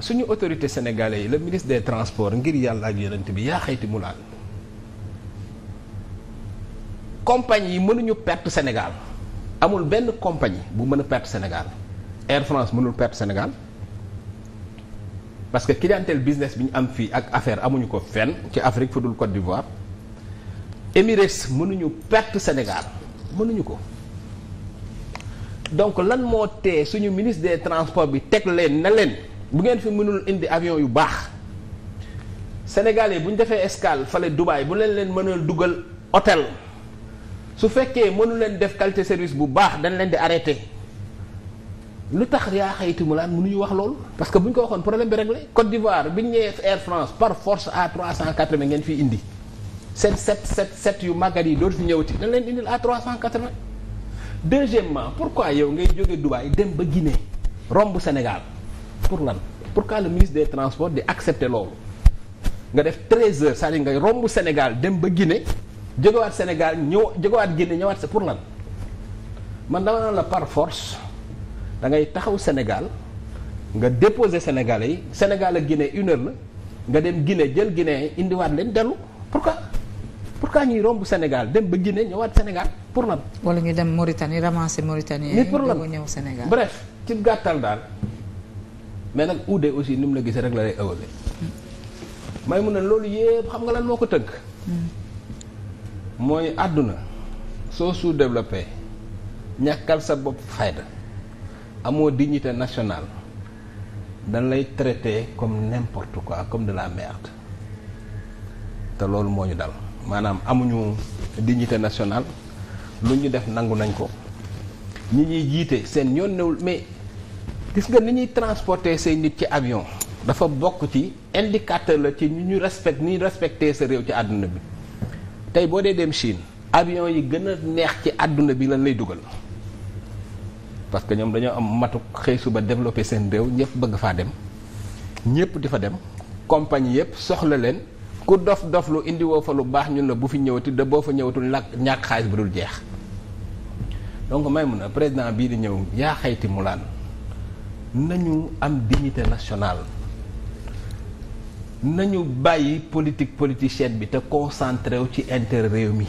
suñu autorité sénégalais yi la ministre des transport ngir yàlla ak yonent bi yaa xayti mu laal compagnie yi mënuñu perte Sénégal amul benn compagnie bu mën a perte Sénégal Air France mënul perte Sénégal parce que clientèle business bi ñu am fii ak affaire amuñu ko fenn ci Afrique fu dul Côte d'Ivoire Emirates mënuñu perte Sénégal mënuñu ko donc lan moo tee suñu ministre des transport bi teg leen na leen bu ngeen fi mënul indi avion yu baax sénégalais bu ñu defee escale fale Dubaï bu leen leen mënul dugal hôtel su fekkee mënu leen def qualité service bu baax dañ leen di arrêté lu tax yaa xayti mu laan ñu wax loolu parce que buñ ñu ko waxoon problème bi réglé Côte d'Ivoire bi ñu ñëwee Air France par force à 380 ngeen fi indi seen 777 yu màggat yi dootu fi ñëwati dañ leen indil à 380 deuxièmement pourquoi yow ngay jóge Dubaï dem ba Guinée romb Sénégal pour lan pourquoi le ministre des transports di accepte loolu nga def 13 heures cest ngay dire nga romb Sénégal dem ba Guinée jógewaat Sénégal ñëw jógewaat Guinée ñëwaat sa pour lan man dama naan la parforce force da ngay taxaw Sénégal nga déposer Sénégalais yi Sénégal ak Guinée une la nga dem Guinée jël Guinée indiwaat leen dellu pourquoi pourquoi ñuy romb Sénégal dem ba Guinée ñëwaat Sénégal pour lan. wala ñu dem Mauritanie ramasser Mauritanie. nit pour lan ñëw Sénégal bref ci gàttal daal. mais nag Oudé aussi ni mu la gisee rek la lay ëwale may mu ne loolu yëpp xam nga lan moo ko tënk mooy àdduna soo sous-développé ñàkkal sa bopp fayda amoo dignité nationale dañ lay traité comme n'importe quoi comme de la merde te loolu moo ñu dal maanaam amuñu dignité nationale lu ñu def nangu nañ ko ñi ñuy jiite seen yoon newul mais gis nga ni ñuy transporter say nit ci avion dafa bokk ci indicateur la ci ñu ñu respect ni respecté sa réew ci àdduna bi tey boo dee dem Chine avion yi gën a neex ci àdduna bi lan lay dugal parce que ñoom dañoo am matuk xëy suba développé seen réew ñëpp bëgg faa dem ñëpp di fa dem compagnie yëpp soxla leen ku dof dof lu indi woo fa lu baax ñun la bu fi ñëwati da boo fa ñëwatul làkk ñàkk xaalis bu dul jeex donc may mun a président bii di ñëw yaa xayti mulaan nañu am dignité nationale nañu bàyyi politique politicienne bi te concentré wu ci intérêt réew mi